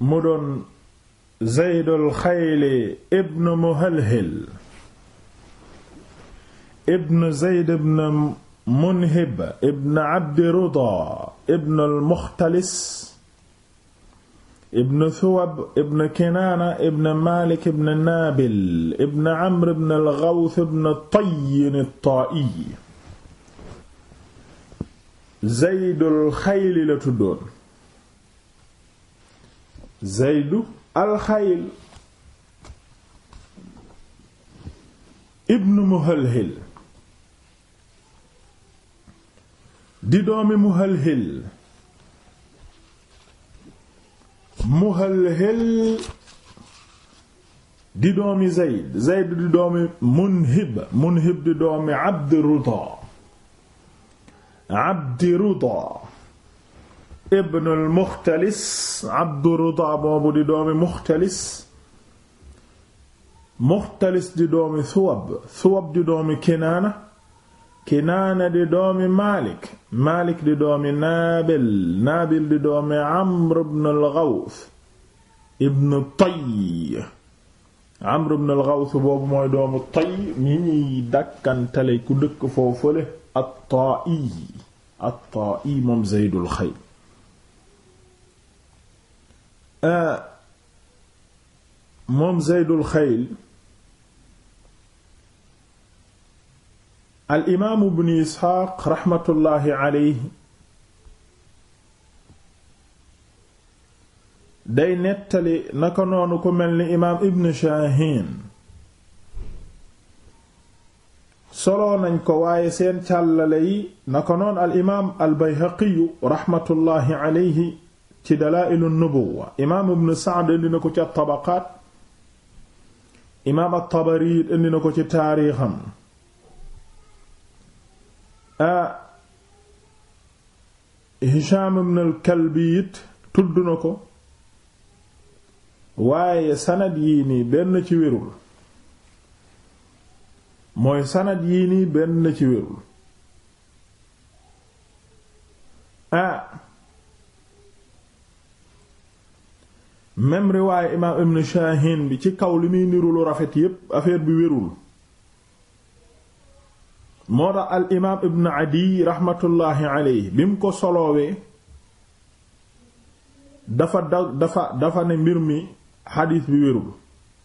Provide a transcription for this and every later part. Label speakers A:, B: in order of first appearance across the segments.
A: mu doon zeydul xayli ibn muhalhil ibn zeyd ibn munhib ibn abdi ruda ibn al muxtalis ibn thuwab ibn kinaana ibn malik ibn naabil ibn amr ibn al gawth ibn tayyin al taa'i zeydul xayli la tuddoon zeydu alxayl ibnu muhalhil di doomi muhalhil muhalhil di doomi zeyd zeyd di doomi munhib munhib di doomi abdi ruda abdi ruda ibnul muxtalis abduruda boobu di doomi muxtalis muxtalis di doomi suwab suwab di doomi kinaana kinaana di doomi maalik maalik di doomi naabil naabil di doomi amr ibnul gaws ibnu tay amr ibnul gaws boobu mooy doomi tay ñi ñuy dàkkantale ku dëkk foofale at-ta'i at-ta'i moom zeydul xayr Euh, moom zeydul xayl al imaamu bnu isxaaq raxmatullaahi aleyhi day nettali naka noonu ku mel ni imaam ibn shaahin soloo nañ ko waaye seen càllale yi naka noon al imaam al bayhaqiyu raxmatullaahi aleyhi ci dalaa'ilu nubuwa imaam ibn Sa'd indi na ko ci at-Tabaqaat imaam at-Tabari indi na ko ci taariixam a Hishaam ibn al-Kalbi tudd na ko waaye sanad yii nii benn ci wérul mooy sanad yii nii benn ci wérul ah même riwaaye imaam ibn Shaahin bi ci kaw li muy niru lu rafet yépp affaire bi wérul moo tax al imaam ibn Adiy raxmatullaahi alayhi bi mu ko soloowee dafa dafa dafa ne mbir mi xadiis bi wérul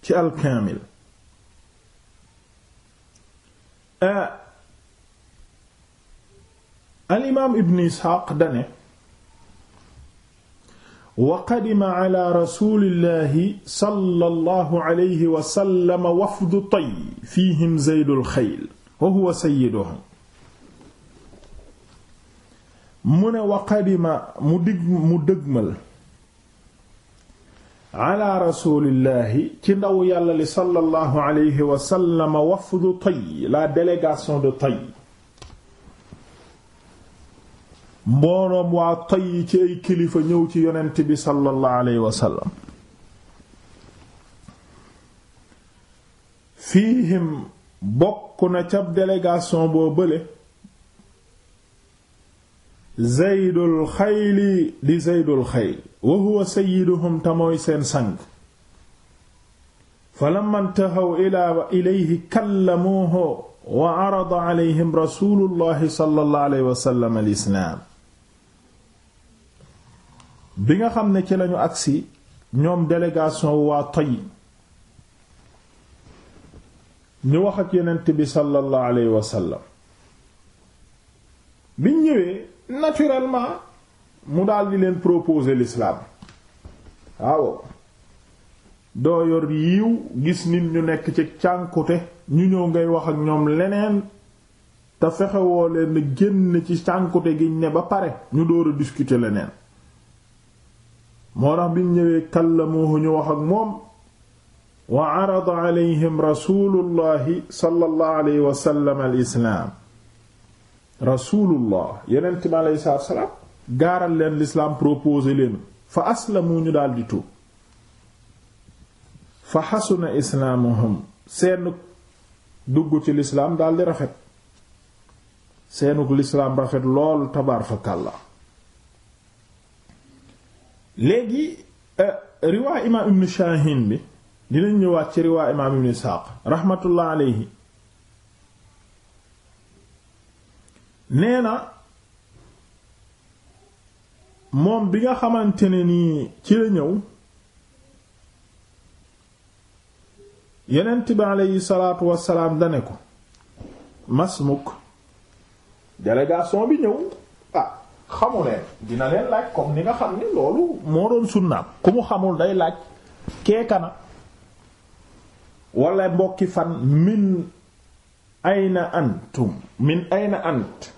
A: ci al kaamil euh, al imaam ibn Isxaaq dane wa qadima ala rasulillahi sallallahu alayhi wa sallam wafdu Tay fiihim Zaydul Xayl wa huwa sayyiduhum mu ne wa qadima mu dig mu dëgmal ala rasulillahi ci ndaw yàlla li sallallahu alayhi wa sallam wafdu Tay la délégation de Tay mbooloom waa tayyi ci ay kilifa ñëw ci yonent bi sallallahu alayhi wa fiihim bokk na ca délégation boo bële zeydul xayli di zeydul xayl wa huwa sayyiduhum te sang falamma intahaw ilaa ilayhi kallamuuhu wa arada alayhim rasuulullahi sallallahu alayhi wa sallam bi nga xam ne ci lañu agsi ñoom délégation waa Tayy ñu wax ak yonent bi sallallahu alayhi wa sallam biñ ñëwee naturellement mu daldi leen proposer lislaam waaw doo yor yiw gis nit ñu nekk ci cànkute ñu ñëw ngay wax ak ñoom leneen te fexewoo leen génn ci cànkute giñ ne ba pare ñu door a discuter leneen moo tax biñ ñëwee kallamuhu ñu wax ak moom wa arada alayhim rasulullahi sallallahu alayhi wa sallam al islaam rasulullah gaaral leen lislaam propose leen fa aslamu ñu daldi tuub fa xasuna islaamuhum seen dugg ci lislaam daldi rafet seenug lislaam rafet lool tabaar fa kàlla léegi euh, riwaay imaam ibn Shaahin bi dinañ ñëwaat ci riwaay imaam ibn Isxaaq raxmatullah alayhi nee na moom bi nga xamante ne nii ci la ñëw yonent bi aleyhi salaatu wassalaam dane ko masmuk délégation bi ñëw xamu leen dina leen laaj comme ni nga xam ni loolu moo doon sunnaam ku mu xamul day laaj keekana wala mbokki fan min ayna antum min ayna ant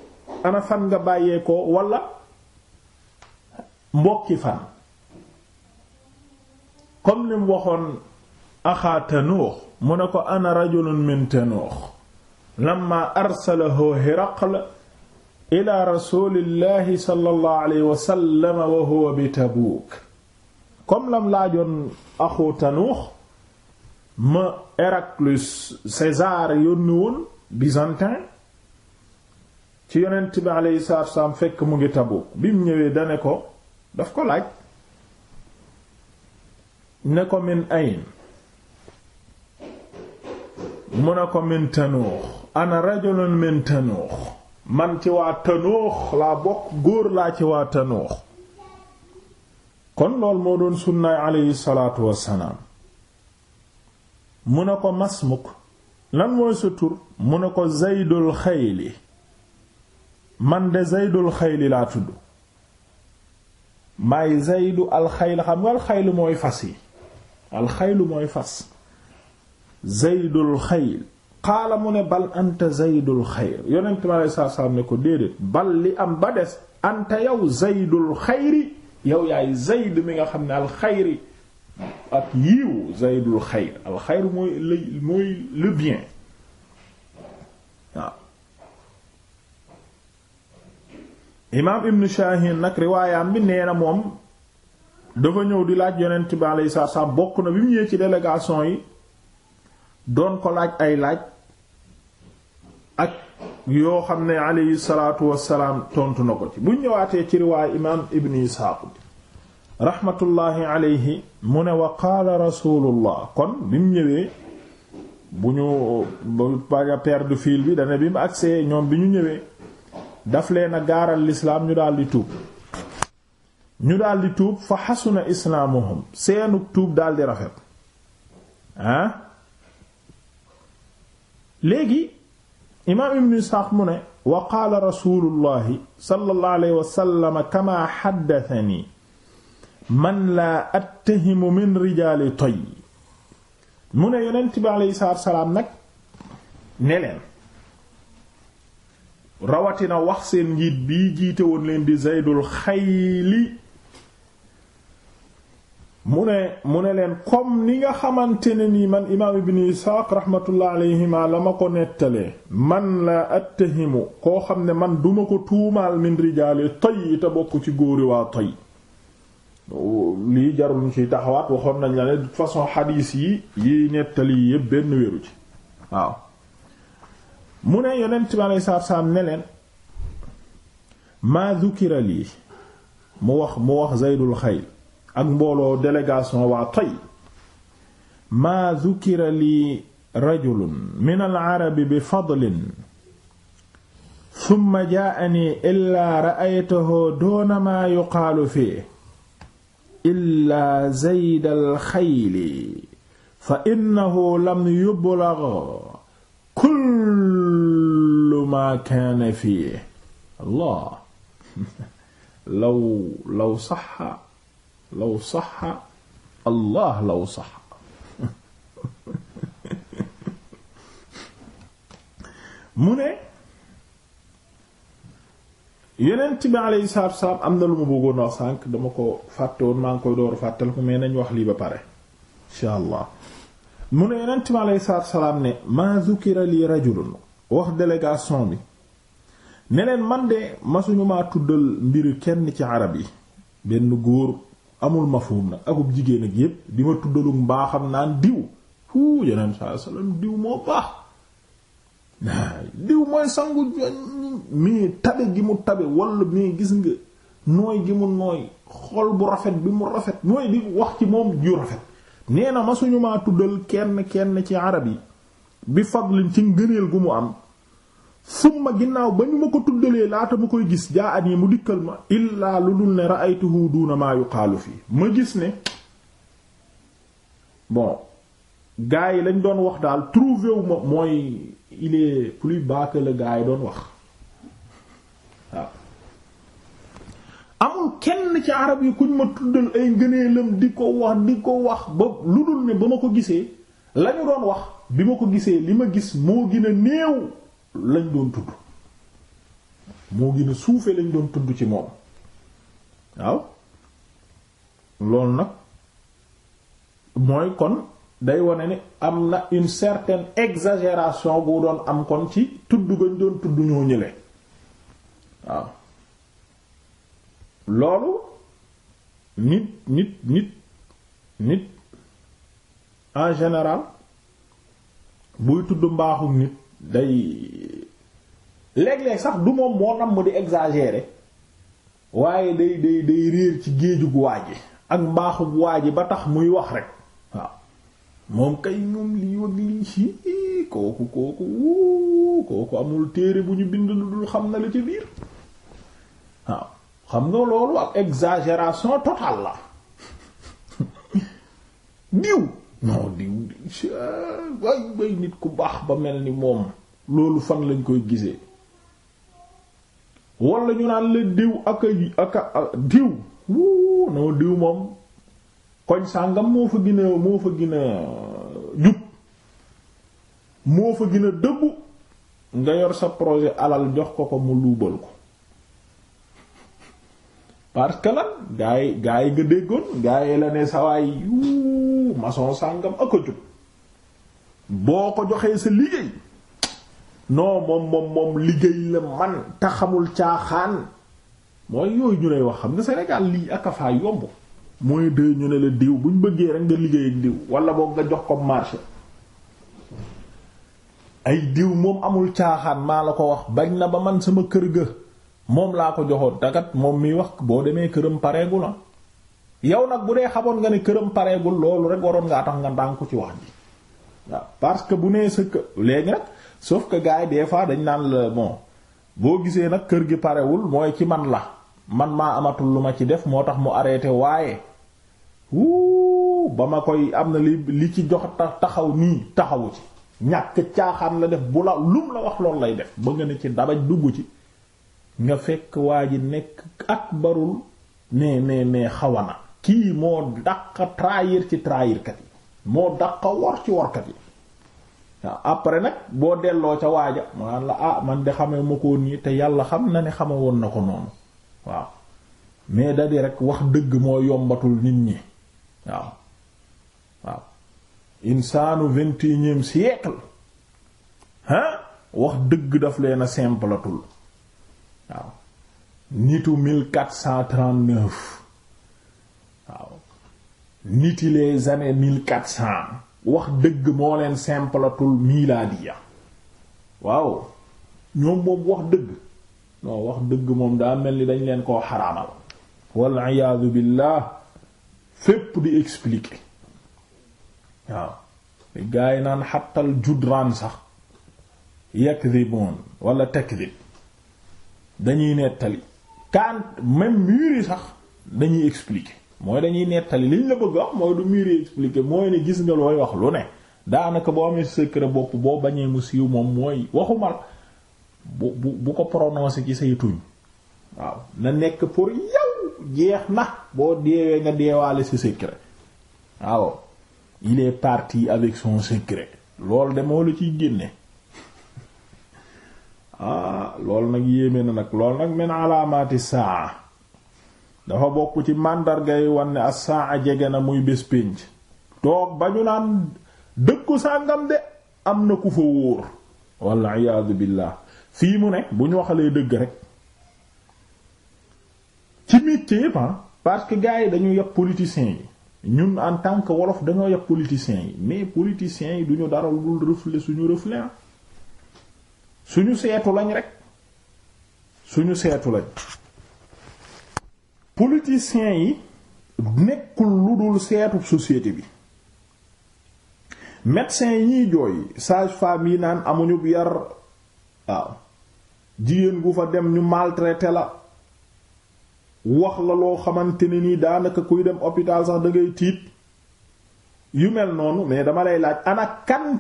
A: ana fan nga bàyyeekoo wala mbokki fan comme lim waxoon axaa mu ne ko ana rajulun min tanuux lamma arsalahu hiraqla ila rasulillahi sallallahu alayhi wa sallam wa huwa bi Tabuuk comme lam laajoon axu Tanuux ma Héraclius César yónni woon byzantin ci yonent bi alayhi salaatu fekk mu ngi Tabuuk bi mu ñëwee dane ko daf ko laaj ne ko min ayn mu ne ko min Tanuux ana rajulun min Tanuux man ci waa tanoox laa bokk góor laa ci waa tanoox kon lool moo doon sunnaay aleyhi salaatu wassalaam mu ne ko masmuk lan mooy sa tur mu ne ko zaydul xayli man de zaydul xayli laa tudd may zaydu alxayl xam nga alxayl mooy fas yi alxaylu mooy fas zaydul xayl qaala mu ne bal anta zaydul xayr yonent mi aleyhi salaatu salaam ne ko déedéet bal li am ba des anta yow zaydul xayri yow yaay zayd mi nga xam ne alxayri ak yiiw zaydul xayr alxayr mooy le mooy le bien waaw imaam ibn Shaahin nag riwaayam bi nee na moom dafa ñëw di laaj yonent bi aleyhi salaatu salaam bokk na bi mu ñëwee ci délégation yi doon ko laaj ay laaj ak yoo xam ne alayhi salaatu salaam tontu na ko ci bu ñëwaatee ci riwaay imaam ibn Isxaaq raxmatullaahi alayhi mu ne wa qaala rasuulullah kon bi mu ñëwee bu ñu baga perdre fil bi dane bi mu agsee ñoom bi ñu ñëwee daf leen a gaaral lislaam ñu daldi tuub ñu daldi tuub fa xasuna islaamuhum seenu tuub daldi rafet ah léegi imaam ibn Isxaaq mu ne wa qaala rasulullahi wa sallam kama xaddatani man la attahimu min rijaali toy mu ne yonent bi nag rawatina wax seen njiit bi jiite woon leen di Zaydul Xayli mu ne mu ne leen comme ni nga xamante ne nii man imaam ibn Isaaq rahmatullah alayhima la ma ko nettalee man la attahimu koo xam ne man duma ko tuumaal min rijaali toy te bokk ci góori waa toy lii jarul ñu ciy taxawaat waxoon nañ la ne de toute façon xadiis yi yiy nettali yépp ci waaw ne yonent bi alayhi salaatu salaam ne leen maa dhukira lii mu wax mu wax Zaydul Xayl ak mbooloo délégation waa toy maa dhukira li rajulun min alarabi bi fadlin thumma jaa'ani illaa ra'aytahu doona maa yuqaalu fiihi illaa zayd alxayli fa innahu lam yublagh kullu maa kaana fiihi allah law law saxa law saxa allah law saxa mu ne yeneent bi alayhi salaatu wasalaam am na lu ma bëggoon wax sànq dama ko fàttewoon maa ngi koy dooru fàttal ko mais nañ wax lii ba pare insha mu ne yeneent bi alayhi salaatu wasalaam ne ma zukira li wax délégation bi ne leen man de masuñu maa tuddal mbiru kenn ci arab yi benn góor amul mafhum nag akub jigéen ak yépp di ma tuddalum mbaaxam naan diw fu yeneen saa salaam diw moo baax diw mooy sangu mii tabe gi mu tabe wala mii gis nga nooy gi mu nooy xol bu rafet bi mu rafet mooy di wax ci moom ju rafet nee na ma suñu maa tuddal kenn kenn ci arab yi bi fadlin ci ngëneel gu mu am summa ginnaaw ba ñu ma ko tuddalee laata ma koy gis jaa at yi mu dikkal ma illaa lu dul ne ra'aytuhu duuna maa yuqaalu fii ma gis ne bon gars yi lañ doon wax daal trouvé wu ma mooy il est plus bas que yi doon wax waaw amul kenn ci arab yi kuñ ma tuddal ay ngëneelam di ko wax di ko wax ba lu dul ne ba ma ko gisee lañu doon wax bi ma ko gisee li ma gis moo gën a néew lañ doon tudd moo gën a suufee lañ doon tudd ci moom waaw loolu nag mooy kon day wane ni am na une certaine exagération bu doon am kon ci tudd gañ doon tudd ñoo ñële waaw loolu nit nit nit en général buy tudd mbaaxu nit day léeg-léeg sax du moom moo nam mu di exagérer waaye day day day réer ci géejug waa ji ak mbaaxug waa ji ba tax muy wax rek waaw moom kay moom lii wag lii ci kooku kooku wuu kooku amul téere bu ñu bind lu dul xam na la ca biir waaw xam nga loolu ak exagération totale la diw non diw way way nit ku baax ba mel ni moom loolu fan lañ koy gisee wala ñu naan la diw ak ak diw wuu noo diw moom koñ sàngam moo fa gën a moo fa gën a jub moo fa gën dëbbu nga yor sa projet alal jox ko ko mu luubal ko parce que lan gaay yi gaa yi nga déggoon gaa la ne sawaay yuu maçon sàngam ak a jub boo ko joxee sa liggéey non moom moom moom liggéey la man te xamul caaxaan mooy yooyu ñu lay wax xam nga Sénégal lii ak faa yomb mooy de ñu ne la diw buñ bëggee rek nga liggéey diw wala boog nga jox ko marché ay diw moom amul caaxaan maa la ko wax bañ na ba man sama kër ga moom laa ko joxoon takat moom miy wax boo demee këram pareegul la ah. yow nag bu dee xamoon nga ne këram pareegul loolu rek waroon ngaa tax nga ndànk ko ci wax ji parce que bu nee sa kër nag sauf que gars yi des fois dañ naan la moom boo gisee nag kër gi parewul mooy ci man la man maa amatul lu ma ci def moo tax mu arrêté waaye wuu ba ma koy am na li li ci jox taxaw nii taxawu ci ñàkk caaxaan la def bu la lum la wax loolu lay def ba nga ne ci dabaj dugg ci nga fekk waa ji nekk ak barul mais mais mais xawana kii moo dàq trahir ci trahirkat yi moo dàq wor ci workat yi waaw après nag boo delloo ca waaja maanaam ah man de xamee ma ko nii te yàlla xam na ne xama woon na ko noonu waaw mais da di rek wax dëgg moo yombatul nit ñi waaw waaw insaanu vingt et unième siècle wax dëgg daf leen a simplatul waaw nitu mille quatre cent trente-neuf waaw niti les années mille quatre cent wax dëgg moo leen simplatul miilaadiya waaw ñoom moom wax dëgg non wax dëgg moom daa mel ni dañ leen koo xaraamal walla iyaadu billah fépp di expliquer waaw gaa naan xattal judraan sax yakdhibuun wala takdhib dañuy nettali quand même murs sax dañuy expliquer mooy dañuy nettali liñ la bëgg wax mooy du miiree expliquer mooy ne gis nga looy wax lu ne daanaka boo amee secret bopp boo bañee mu siiw moom mooy waxumal bu bu bu ko prononcer ci say tuñ waaw na nekk pour yow jeex na boo deewee nga deewaale si secret waaw il est parti avec son secret loolu de moo la ciy génne ah loolu nag yéeme na nag lool nag men alaamaati saa. dafa bokk ci màndargay wan ne as-sa'a jege na muy bés pénc toog ba ñu naan dëkku sàngam de am na ku fa wóor walla iyaadu billaah fii mu ne bu ñu waxalee dëgg rek ci métier yépp ah, parce que gars yi dañu yab politiciens yi ñun en tant que wolof dañoo yab politiciens yi mais politiciens yi duñu dara lu reflet suñu reflet ah. suñu seetu lañ rek suñu seetu lañ politiciens yi nekkul lu dul seetu société bi médecins yi ñuy jooy sage-femme yi naan amuñu yar waaw jigéen gu fa dem ñu maltraité la wax la loo xamante ni nii daanaka kuy dem hôpital sax da tiit yu mel noonu mais dama lay laaj ana kan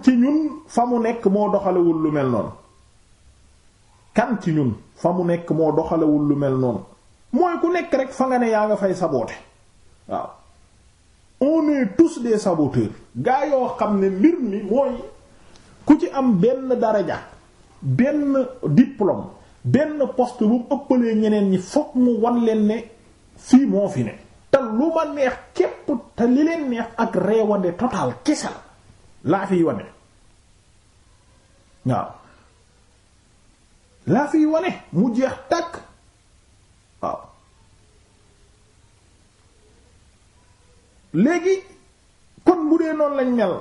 A: fa mu nekk moo doxalewul lu mel noonu kan ci ñun fa mu nekk moo doxalewul lu mel noonu mooy ku nekk rek fa nga ne yaa nga fay saboter waaw on tous des saboteurs gaa xam ne mbir mi mooy ku ci am benn daraja benn diplôme benn poste bu ëppalee ñeneen ñi fokk mu wan leen ne fii moo fi ne te lu ma neex képp te li leen neex ak reewande total kese laa fiy wane waaw laa fiy wane mu jeex tàkk léegi kon bu dee noonu lañ mel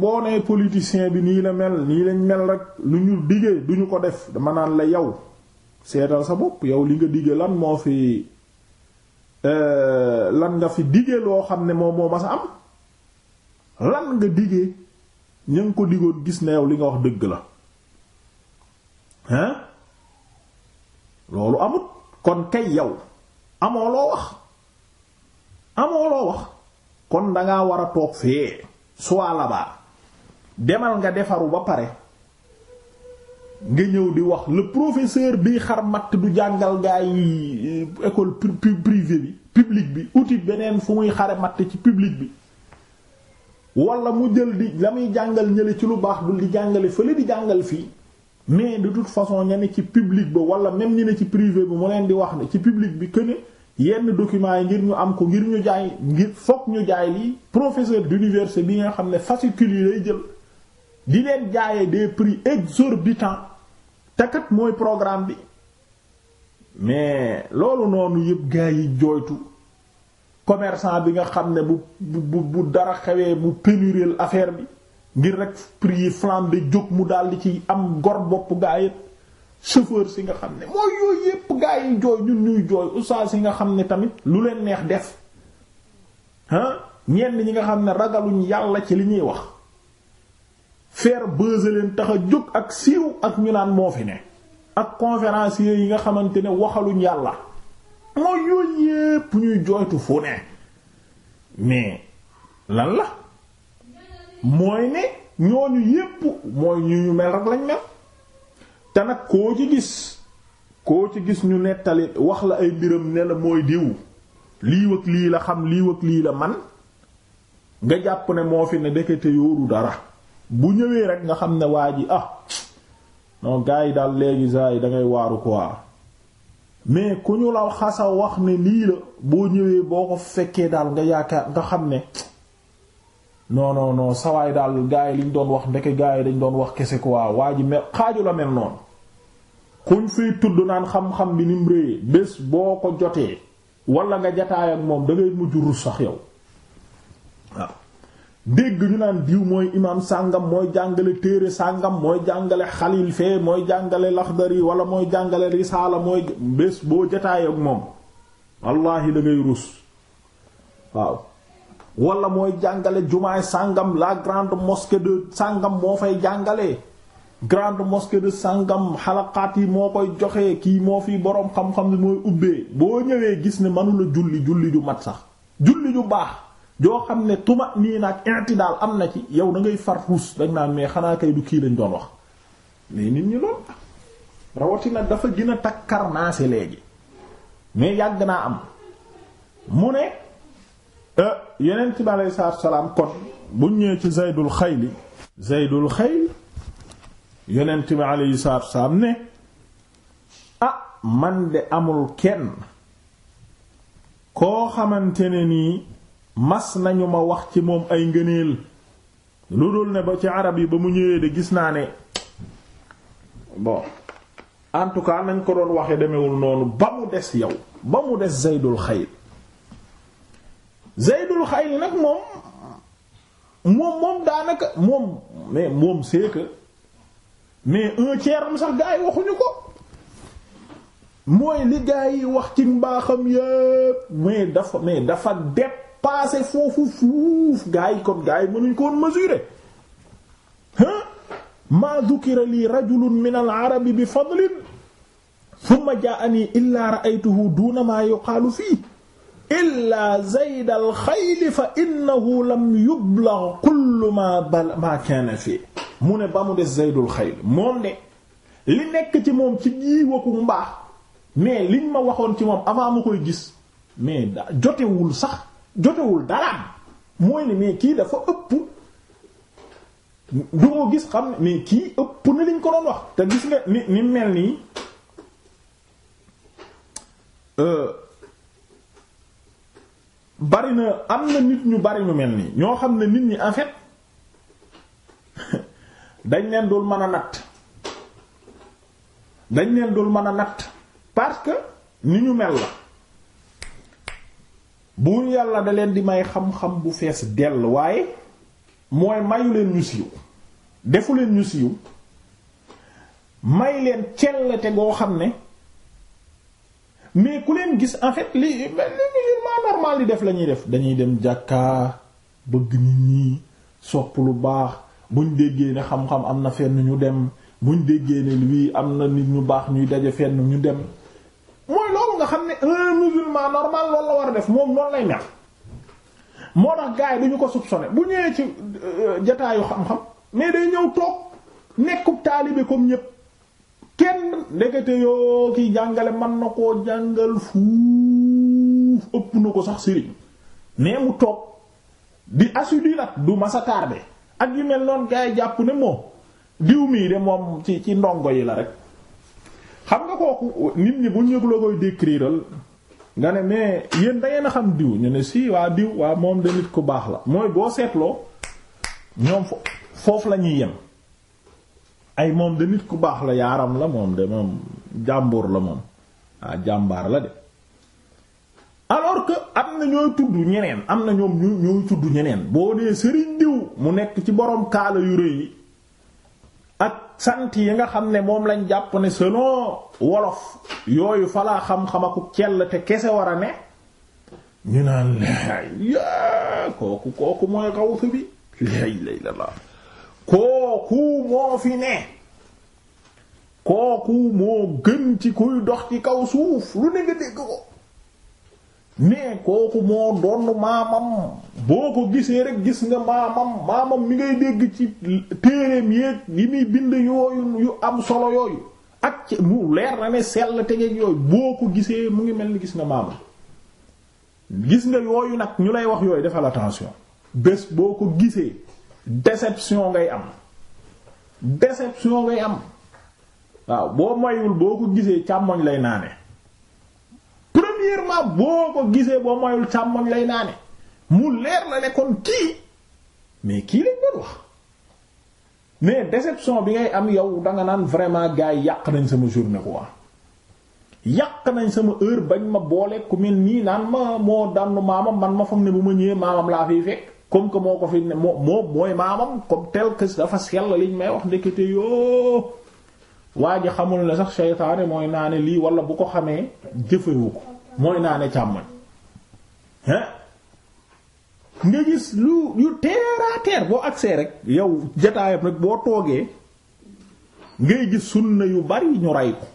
A: boo nee politicien bi nii la mel nii lañ mel rek lu ñu diggee duñu ko def dama naan la yow seetal sa bopp yow li nga diggee lan moo fi euh, lan nga fi diggee loo xam ne moom moo ma sa am lan nga diggee ña ko diggoon gis ne yow li nga wax dëgg la hein loolu amut kon kay yow amoo loo wax amoo loo wax kon dangaa war a toog fee soit là-bas demal nga defaru ba pare nga ñëw di wax lu professeur bi xar matt du jàngal gaa yi eh, école privée bi publique bi outil beneen fu muy xare matt ci publique bi wala mu jël di la muy jàngal ñële ci lu baax du di jàngale fële di jàngal fii mais de toute façon ña ne ci publique ba wala même ñi ne ci privé bi mu leen di wax ne ci publique bi que yenn documents yi ngir ñu am ko ngir ñu jaay ngir fokk ñu jaay lii professeur d'université bi nga xam ne fascicule yi lay jël di leen jaayee des prix exorbitants te kat mooy programme bi mais loolu noonu yëpp gaa yi jooytu commerçant bi nga xam ne bu bu bu dara xewee mu pénurie affaire bi ngir rek prix yi flambé jóg mu daldi ci am gor bopp gaa yëpp chauffeur si nga xam ne mooy yooyu yépp gaa yi jooy ñun ñuy jooy oustaz si nga xam ne tamit lu leen neex def ah ñenn ñi nga xam ne ragaluñ yàlla ci li ñuy wax faire buzz tax a jóg ak siiw ak ñu naan moo fi ne ak conférencier yi nga xamante ne waxaluñ yàlla mooy yooyu yépp ñuy jooytu fu ne mais lan la mooy ne ñooñu yépp mooy ñu ñu mel rek lañ mel. te nag koo ci gis koo ci gis ñu nettali wax la ay mbiram ne la mooy diw lii lii la xam lii lii la man nga jàpp ne moo fi ne ndekete yóoru dara bu ñëwee rek nga xam ne waa ji ah non gars yi daal léegi saa yi dangay waaru quoi mais ku ñu la xasa wax ne lii la boo ñëwee boo ko fekkee daal nga yaakaar nga xam ne non non non sawaay daal gars yi liñ doon wax ndeke gars yi dañ doon wax kese quoi waa ji xaaju la mel noonu. kuñ fi tudd naan xam-xam bi ni mu réyee bés boo ko jotee wala nga jataay ak moom da ngay mujj rus sax yow waaw dégg ñu naan diw mooy imam sàngam mooy jàngale téere sàngam mooy jàngale xalil fee mooy jàngale laxdari wala mooy jàngale risaala mooy bés boo jataay ak moom wallaahi da ngay rus waaw wala mooy jàngale jumaay sàngam la grande mosquée de sàngam moo fay jàngale grande mosquée de sangam xalaqaat yi moo koy joxe kii moo fi boroom xam-xam ne mooy ubbee boo ñëwee gis ne mënula julli julli ju mat sax julli ju baax joo xam ne tuma nii nag i'tidaal am na ci yow da ngay far fuus dañ naan mais xanaa kay du kii lañ doon wax mais nit ñi lool rawatina dafa gën a takkar naase léegi mais yàgg naa am mu ne euh, yeneen ci bi aleyhi salaam kon buñ ñëwee ci zaydul xayli zaydul xayl yonent bi alayhi salaatu wassalaam ne ah man de amul kenn koo xamante ne nii mas nañu ma wax ci moom ay ngëneel lu dul ne ba ci arab yi ba mu ñëwee de gis naa ne bon en tout cas nañ ko doon waxee demewul noonu ba mu des yow ba mu des Zaydul Xayl Zaydul Xayl nag moom moom moom daanaka moom mais moom c'est que mais un tiers am sax gaa yi waxuñu ko mooy li gaa yi wax ci mbaaxam yépp mais dafa mais dafa dépassé foofu fuuf gaa yi kon gaa yi mënuñ ko woon mesurer hein maa dhukira lii rajulun min al arabi bi fadlin thumma jaa'anii illaa ra'aytuhu duuna maa yuqaalu fii illaa zayd al xayl fa innahu lam yublagh kullu maa bal maa kaana fii mu ne ba mu des zaydul xayl moom ne li nekk ci moom ci mu baax mais liñ ma waxoon ci moom avant ma koy gis mais da jotewul sax jotewul daraam mooy ne mais kii dafa ëpp du ko gis xam ne mais kii ëpp na liñ ko doon wax te gis nga ni ni mel nii euh, bari na am na nit ñu bari ñu mel nii ñoo xam ne nit ñi en fait dañ leen doon mën a natt dañ leen doon mën a natt parce que ni ñu mel la buur yàlla da leen di may xam-xam bu fees dell waaye mooy mayu leen ñu siiw defu leen ñu siiw may leen cellete goo xam ne mais ku leen gis en fait li li musulman normal di def lañuy def dañuy dem jàkka bëgg nit ñi sopp lu baax buñ déggee ne xam-xam am na fenn ñu dem buñ déggee ne lii am na nit ñu baax ñuy daje fenn ñu dem mooy loolu nga xam ne un musulman normal loolu la war a def moom noonu lay mel moo tax gars yi duñu ko soupçonné bu ñëwee ci euh, jataayu xam-xam mais day ñëw toog nekkub taalibe comme ñépp kenn ndekete yoo kiy jàngale man na koo jàngal fuuf ëpp na ko sax sëriñ mais mu toog di assidu nag du masa tardé ak yu mel noonu gars yi jàpp ne moom diw mii de moom ci ci ndongo yi la rek xam nga kooku nit ñi bu ñu la koy nga ne mais yéen da a xam diw ñu ne si waa diw waa moom de nit ku baax la mooy boo seetloo ñoom foofu la ñuy yem ay moom de nit ku baax la yaaram la moom de moom jàmbur la moom waa ah, jàmbaar la de. alors que am na ñooy tudd ñeneen am na ñoom ñooy tudd ñeneen boo nee sëriñ diw mu nekk ci borom kaala yu rëy yi ak sant yi nga xam ne moom lañ jàpp ne selon wolof yooyu falaa xam-xam aku cell te kese war a ne ñu naan la kooku kooku mooy xawsu bi kooku moo gën ci kuy dox ci kaw suuf lu ne nga dégg ko mais kooku moo doon maamam boo ko gisee rek gis nga maamam maamam mi ngay dégg ci téereem yéeg yi muy bind yooyu yu am solo yooyu ak mu leer na ne sell tegeeg yooyu boo ko gisee mu ngi mel ni gis nga maamam gis nga yooyu nag ñu lay wax yooyu defal attention bés boo ko gisee déception ngay am déception ngay am waaw boo moyul boo ko gisee càmmoñ lay naane premièrement boo ko gisee boo moyul càmmoñ lay naane mu leer la ne kon kii mais kii lañ doon wax mais déception bi ngay am yow danga naan vraiment gars yi yàq nañ sama journée quoi yàq nañ sama heure bañ ma boole ku mel nii naan ma moo dànn maamam man ma foog ne bu ma ñëwee maamam laa fiy fekk comme que moo ko fi moo mooy maamam comme tel que dafa sell may wax ndekete yoo waa ji xamul ne sax seytaane mooy naa ne lii wala bu ko xamee jëfewu ko mooy naane càmmoñ hein nga gis lu yu teeraa teer boo agsee rek yow jataayam rek boo toogee ngay gis sunna yu bari ñu ray ko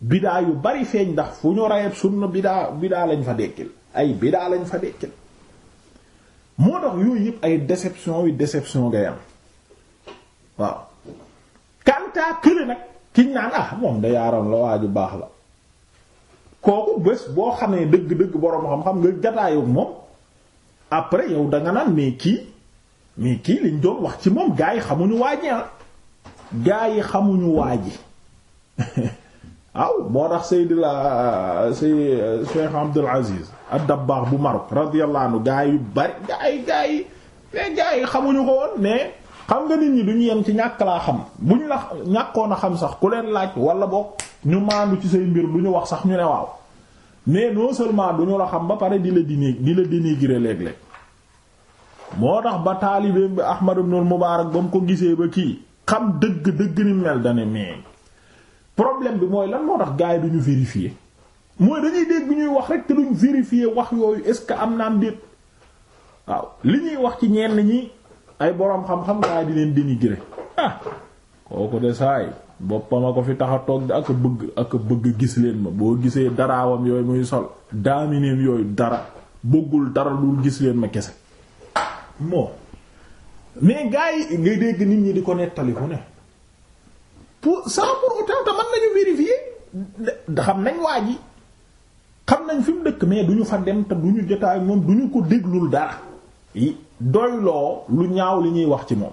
A: bidaa yu bari feeñ ndax fu ñu rayab sunna bidaa bidaa lañ fa dekkil ay bidaa lañ fa dekkil moo tax yooyu yëpp ay déception yu déception ngay waaw kantaa kële nag kiñ naan ah moom da yaaram la waaju baax la kooku bés boo xamee dëgg-dëgg boroom xam-xam nga jataayu moom après yow danga naan mais kii mais kii liñ doon wax ci moom gaa yi xamuñu waa ji ah. yi xamuñu waa ji waaw moo tax Seydina Sey Cheikh Abdul Aziz ad-Dabbagh bu Maroc radiyallahu anhu gaa yu bari gaa yi gaa yi mais gaa yi xamuñu ko woon mais xam nga nit ñi duñu yem ci ñàkk laa xam buñ la ñàkkoon a xam sax ku leen laaj wala boog ñu maandu ci say mbir lu ñu wax sax ñu ne waaw mais non seulement du ñu la xam ba pare di la diné di la dénigrer léeg-léeg moo tax ba taalibeem bi Ahmad ibn al-Mubarak ba mu ko gisee ba kii xam dëgg dëgg ni mel dane mais problème bi mooy lan moo tax gars yi duñu vérifier mooy dañuy dégg ñuy wax rek te duñ vérifier wax yooyu est-ce que am na am waaw li ñuy wax ci ñenn ñi ay boroom xam-xam gars di leen dénigrer ah kooku de saay boppam a ko fi tax a toog ak bëgg ak bëgg gis leen ma boo gisee daraawam yooyu muy sol daamineem yooyu dara bëggul dara lu gis leen ma kese moo mais gars yi ngay dégg nit ñi di ko nettali ku ne pour ça pour autant te mën nañu vérifier xam nañ waa ji xam nañ fi mu dëkk mais duñu fa dem te duñu jotaay moom duñu ko déglul dara doyloo lu ñaaw li ñuy wax ci moom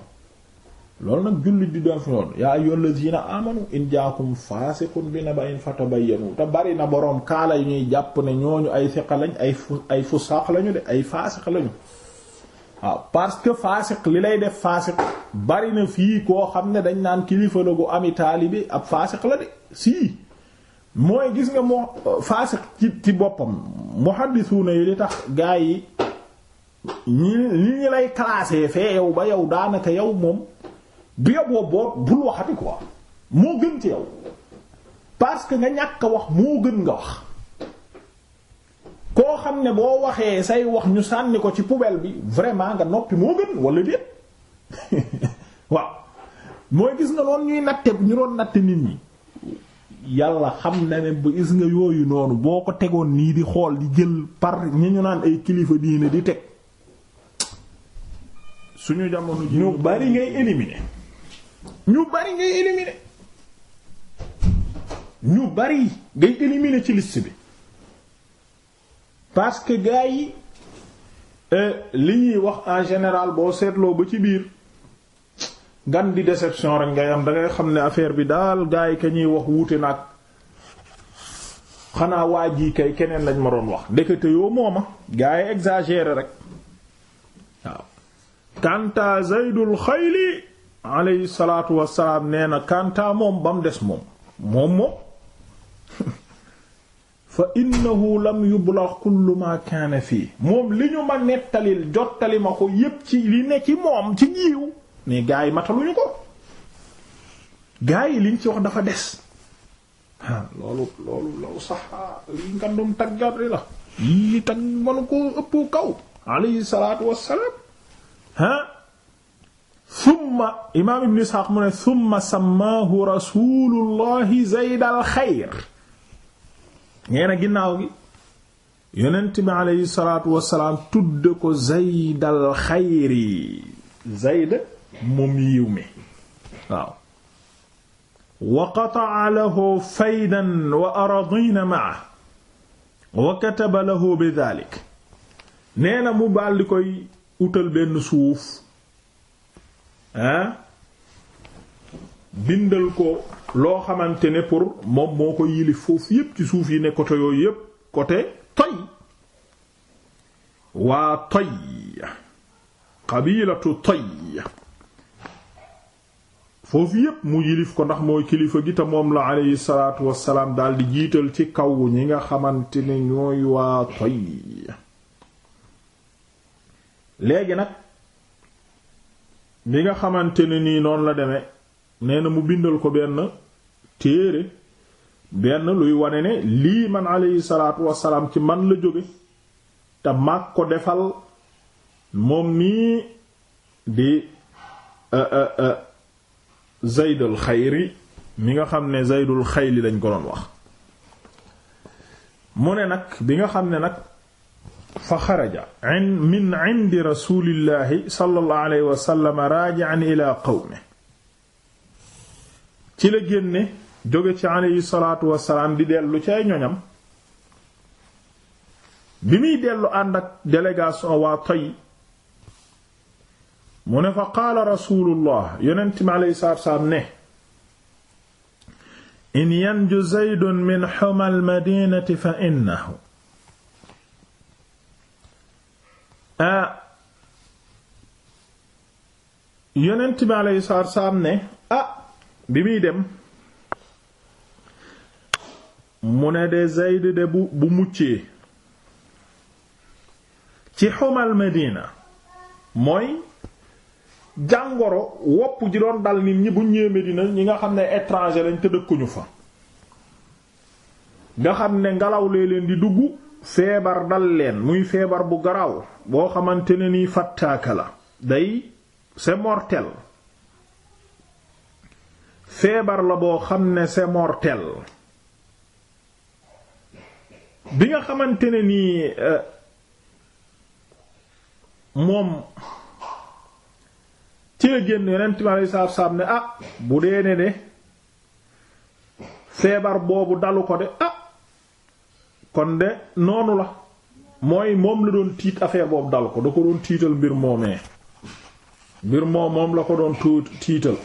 A: loolu nag jullit di def loolu yaa ayyuhal lazina amanu in jaakum fasiqun bi naba'in fatabayyanu te bari na boroom kaala yu ñuy jàpp ne ñooñu ay siqa lañ ay fu ay fusaq lañu de ay faasiq lañu waaw li lay def faasiq bari na fii koo xam ne dañ naan kilifa ami taalibi ab faasiq la de sii mooy gis nga moo ci ci boppam muhaddisuuna yi li tax gaa yi ñi ñi lay classé fee yow ba yow daanaka yow moom bu yoboo boo bul waxati quoi moo gën ci yow parce que nga ñàkk wax moo gën nga wax koo xam ne boo waxee say wax ñu sànni ko ci poubelle bi vraiment nga noppi moo gën wala déet waaw mooy gis nga noonu ñuy natte ñu doon natte nit ñi yàlla xam na ne bu gis nga yooyu noonu boo ko tegoon nii di xool di jël par ñi ñu naan ay kilifa diine di teg suñu jamono ji bari ngay éliminer ñu bari ngay éliminer ñu bari ngay éliminer ci liste bi parce que gars yi euh, li ñuy wax en général boo seetloo ba ci biir gan di déception rek ngay am dangay xam ne affaire bi daal gars yi ka ñuy wax wuute nag xanaa waa ji kay keneen lañ ma doon wax ndekete yoo mooma gars yi exagéré rek waaw kanta Zaydul Xayli alayhi salaatu wassalaam nee na kantaa moom ba mu des moom moom moom fa innahu lam yublax kullu ma kaana fii moom li ñu ma nettalil jottali ma ko yépp ci li ne ci moom ci giiw mais gaa yi mataluñu ko gaa liñ ci wax dafa des ah loolu loolu law sax ah, li ngandum taggat ri la yii tag manu ko ëpp kaw alayhi salaatu wassalaam ah summa imaam ibn Isxaaq mu ne summa sammaahu rasuulullahi Zayd al-Xayr nee na ginnaaw gi yonent bi aleyhi salaatu wasalaam tudde ko Zayd al-Xayri Zayd moom yiw mi waaw wa qata'a lahu faydan wa aradiina ma'ahu wa kataba lahu bi dhaalika nee na mu baldi koy utal benn suuf hein bindal ko loo xamante ne pour moom moo ko yilif foofu yépp suuf yi ne côté yooyu yépp côté toy waa toy qabilatu toy foofu yépp mu yilif ko ndax mooy kilifa gi te moom la aleyhi salaatu wassalaam daldi jiital ci kaw ñi nga xamante ne ñooy waa toy léegi nag bi nga xamante ne nii noonu la deme nee na mu bindal ko benn téere benn luy wane ne lii man aleyhi salaatu wasalaam ci man la jóge te mag ko defal moom mii di euh, euh, euh, zaydul xayri mi nga xam ne zaydul xayli lañ ko doon wax mu ne nag bi nga xam ne nag fa xaraja min indi rasulillahi sallallahu ila qawmi ci la génne jóge ci alayhi salaatu wasalaam di dellu ci ñoñam bi muy dellu ànd ak délégation waa toy mu ne fa qaala rasulullah yonent mi alayhi ne in yanju zaydun min xumal madinati fa innahu yonent bi alayhi salaatu salaam ne ah bi muy dem mu ne de Zayd de bu bu muccee ci xumal Medina mooy jàngoro wopp ji doon dal nit ñi bu ñëwee Medina ñi nga xam ne étranger lañ te dëkkuñu fa nga xam ne ngelaw lee leen di dugg feebar dal leen muy feebar bu garaaw boo xamante ne nii fattaaka la day c'est mortel feebar la boo xam ne c'est mortel bi nga xamante ne nii euh, moom ci la génn yeneen timale saab-saab ne ah bu dee ne de feebar boobu dalu ko de ah, kon de noonu la mooy moom la doon tiit affaire boobu dal ko da ko doon tiital mbir moomee mbir moom moom la ko doon tuut tiital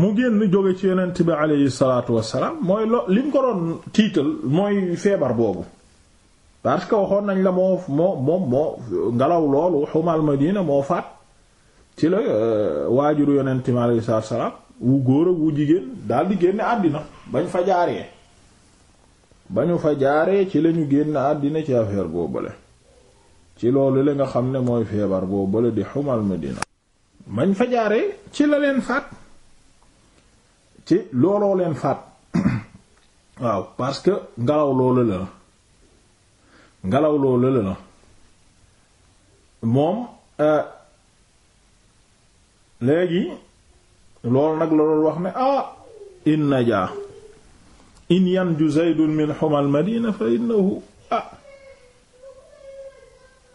A: mu génn jóge ci yonent bi aleyhi salaatu wassalaam mooy lo li ko doon tiital mooy feebar boobu parce que waxoon nañ la moo moo moom moo ngelaw loolu xumal madina moo faat ci la euh, waajuru yonent bi aleyhi salaatu wu góor ak wu jigéen daal di génne àddina bañ fa jaaree bañu fa jaaree ci lañu génn àddina ci affaire boobale ci loolu la nga xam ne mooy feebar boobale di xumal Medina bañ fa jaaree ci la leen faat ci looloo leen faat waaw parce que ngelaw loolu la ngelaw loolu la moom euh, léegi loolu nag la doon wax ne ah inna jaa in yanju zaydun min xumal madina fa innahu ah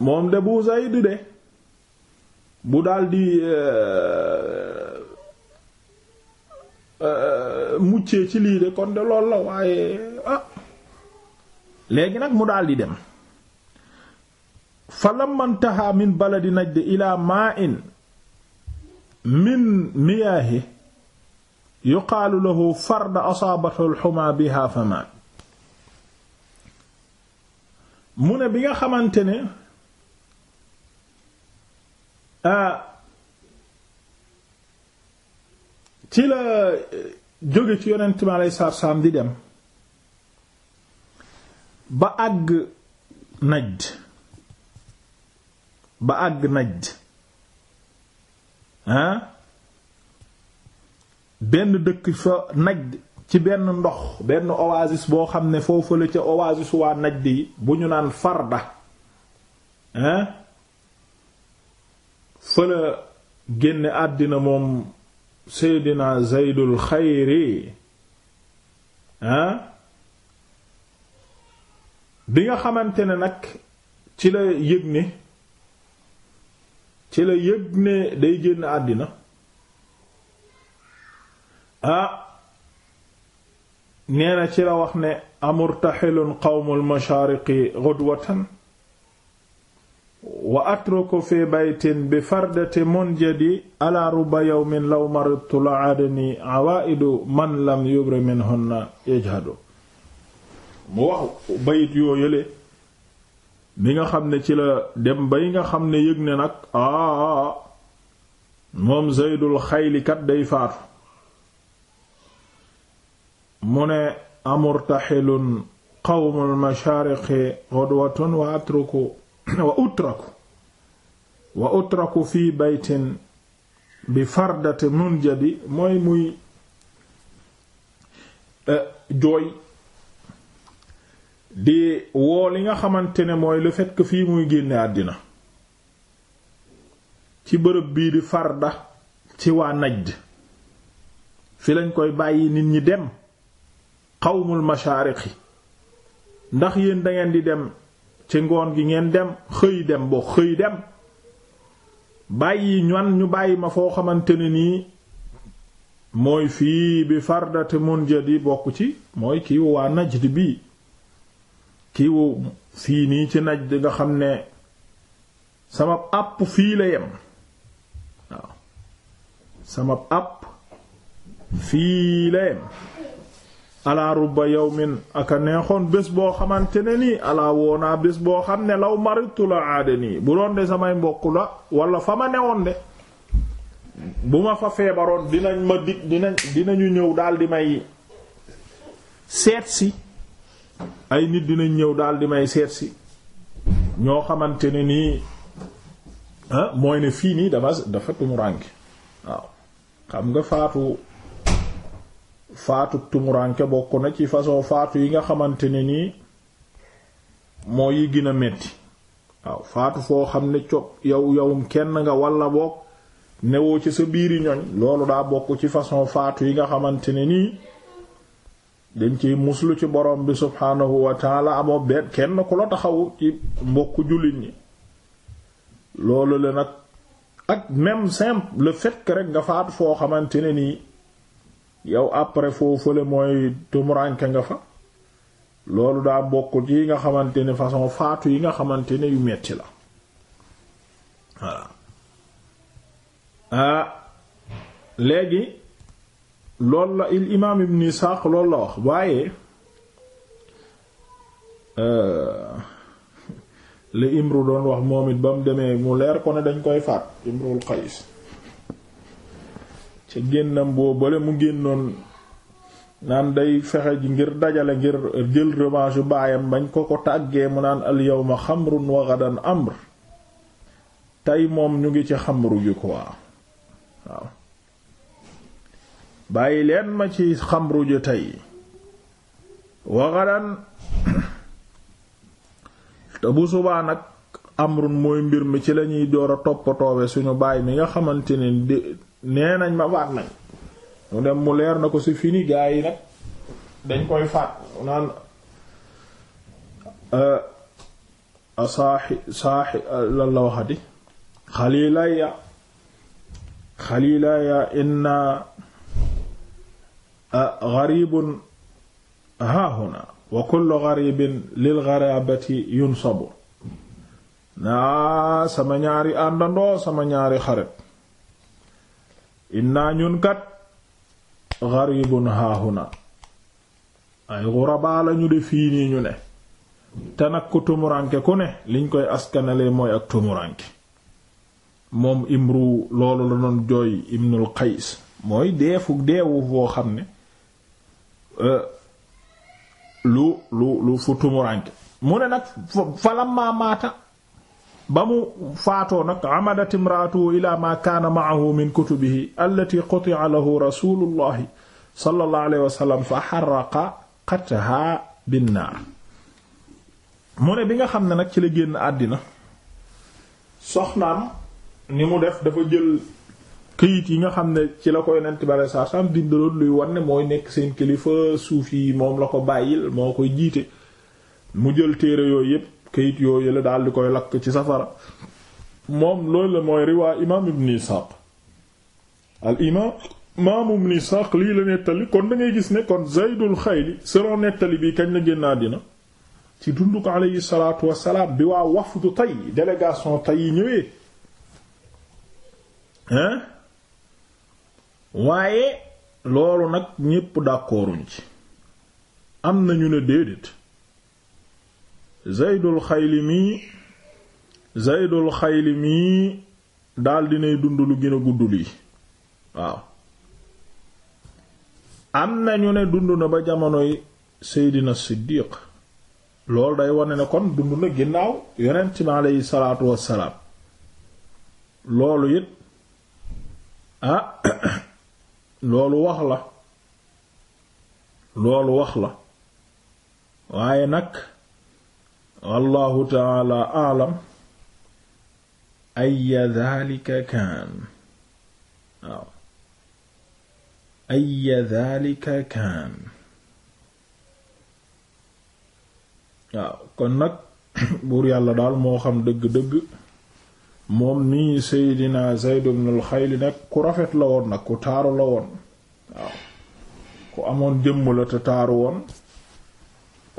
A: moom de bu zayd de bu daldi eh, eh, muccee ci lii de kon de lool la waaye ah léegi nag mu daldi dem fa lamma ntaha min baladi najd ila ma'in min miyaahi yuqaalu lahu farda asaabathu alxumaa biha famaat mu ne bi nga xamante ne a ci la jóge ci yonent mi alayhi salaatu di dem ba àgg Najd ba àgg Najd ah benn dëkk fa Najd ci benn ndox benn oasis boo xam ne foofu la ca oasis waa Najd yi bu ñu naan Farda hein fa génne àddina moom Seydina Zaydul Xayri hein bi nga xamante ne nag ci la yëg ne ci la yëg ne day génn àddina ah nee ci la wax ne amurtaxilun qawmu lmashaariqi gudwatan wa atruku fi baytin bi fardati munjadi ala ruba yawmin law maridtu la aadani awaidu man lam yubri minhunna yajhadu mu wax bayit yoo yële bi nga xam ne ci la dem bay nga xam ne yëg ne nag aa ah, moom zeydul xaylikat day faatu mu ne amurtaxilun qawmul mashaariqi ghadwatun wa atruku wa utraku fi baytin bi fardati munjadi mooy muy eh, jooy di woo li nga xamante ne mooy lu fait fii muy génne àddina ci bërëb bii di farda ci waa najd fi lañ koy bàyyi nit ñi dem qawmul mashaariqi ndax yéen dangeen di dem ci ngoon gi ngeen dem xëy dem boo xëy dem bàyyi ñan ñu bàyyi ma foo xamante ne nii mooy fii bi fardate munjadi bokk ci mooy kiiwu waa najd bi kiiwu fii nii ci najd nga xam ne sama àpp fii la yem waaw àpp fii la yem alaa rubba yawmin aka neexoon bés boo xamante ne nii alaa woonaa bés boo xam ne law maritu la aada nii bu doon de samay mbokk la wala fa ma newoon de bu ma fa feebaroon dinañ ma dig dinañ dinañu ñëw daal di may seet si ay nit dinañ ñëw daal di may seet si ñoo xamante ne nii ah, mooy ne fii nii dafa dafa tumurànke waaw xam nga faatu faatu tumuraanke bokk na ci façon faatu yi nga xamante ne nii mooy yi gën a metti waaw faatu foo xam ne cog yow yowum kenn nga walla bokk newoo ci sa biiri ñoñ loolu daa bokk ci façon faatu yi nga xamante ne nii dañ ci muslu ci borom bi subhaanahu wa taala amoo benn kenn ku la taxaw ci mbokku jullit ñi loolu la nag ak même simple le fait rek nga faatu foo xamante ne nii yow après foo fële mooy tumuranke nga fa loolu daa bokk yi nga xamante ni façon faatu yi nga xamante ne yu metti la voilà ah, léegi loolu la il imaam ibn Isaaq loolu la wax waaye euh, li Imru doon wax moom it ba mu demee mu leer ko ne dañ koy faat Imrul Qays ca génnam boo bale mu génnoon naan day fexe ji ngir dajale ngir jël revanche yu baayam bañ ko ko tàggee mu naan al yawma xamrun wa ghadan amr tey moom ñu ngi ci xamru ji waaw bàyyi leen ma ci xamru ji tey wa te bu subaa nag amrun mooy mbir mi ci lañuy door a toppatoowe suñu baay mi nga xamante ne di nee nañ ma waat nañ mu dem mu leer na ko si fini gaa yi nag dañ koy faat naan a saaxi saaxi lan la waxati xalilaya xalilaya inna garibun hahuna wa kullu garibin lil garabati yunsabu naa sama ñaari àndandoo sama ñaari xarit inna ñun kat gharibun haahuna ay ghuraba lañu de fii ñu ne te nag ku tumuranke ku ne liñ koy askanalee mooy ak tumuranke moom imru loolu la doon jooy ibnul qays mooy fu deewu boo xam ne euh, lu lu lu fu tumuranke mu ne nag falam maa maata ba mu faatoo nag amadat imraatuhu ila ma kaana min kutubihi allati quti'a lahu rasulullahi sallallahu alayhi wa sallam mu ne bi nga xam ne nag ci la génn àddina soxnaam ni mu def dafa jël kayit yi nga xam ne ci la ko yonent bi alei satu salaam luy wan mooy nekk seen kilifa suuf yi moom la ko bàyyil moo koy jiite mu jël téere yooyu yépp kayit yoo yële daal di koy lakk ci safara moom loolu la mooy riwaa imaam ibn al imaam imaam lii la nettali kon da gis ne kon Zaydul Xayli selon nettali bi kañ la génnaa dina ci dund ko aleyhi salaatu wassalaam bi waa wafdu Tay délégation Tay yi ñëwee hein waaye loolu nag ñépp d'accorduñ ci am nañu ne déedéet Zaydul Xayli mii Zaydul Xayli mii daldi nay dund lu gën a gudd waaw am na ñu ne dund na ba jamonoy Seydina Siddiq loolu day wone ne kon dund na ginnaaw yonent mi aleyhi salaatu wassalaam loolu it ah loolu wax la loolu wax la waaye nag wallahu taala alam aya dalika kaan waaw aya dalika kaan waaw kon nag buur yàlla daal moo xam dëgg-dëgg moom nii seydina Zayd ibn al-Xayl ku rafet la woon nag ku taaru la woon waaw ku amoon jëmm la te taaru woon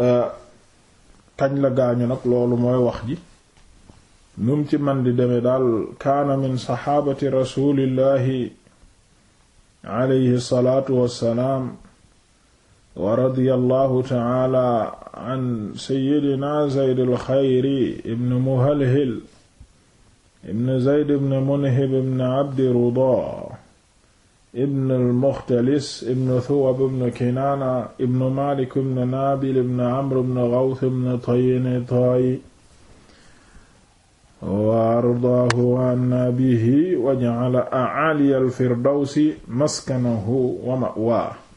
A: euh, kañ la gaañu nag loolu mooy wax ji num ci man di deme daal kaana min saxaabati rasulillahi alayhi salaatu wassalaam wa radiyallahu taala an sayyidina zayd alxayri ibn muhalhil ibn zayd ibn munhib ibn abdi rudaa ibn al-Mukhtalis ibn Thuwab ibn Kinaana ibn Maalik ibn Naabil ibn Amr ibn Ghawth ibn Tayyi wa ardaahu an abiihi wa ja'ala a'aaliya al-firdawsi maskanahu wa ma'waahu